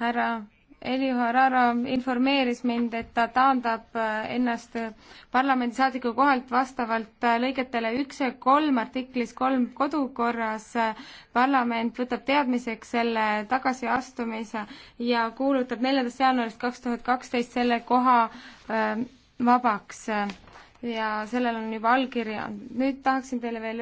härra Elio Hararo informeeris mind, et ta taandab äh, ennast äh, parlamendisaadiku kohalt vastavalt äh, lõigetele üks ja kolm artiklis kolm kodukorras. parlament võtab teadmiseks selle tagasiastumise ja kuulutab neljandast jaanuarist kaks tuhat kaksteist selle koha vabaks. ja sellel on juba allkiri andnud. nüüd tahaksin teile veel öelda,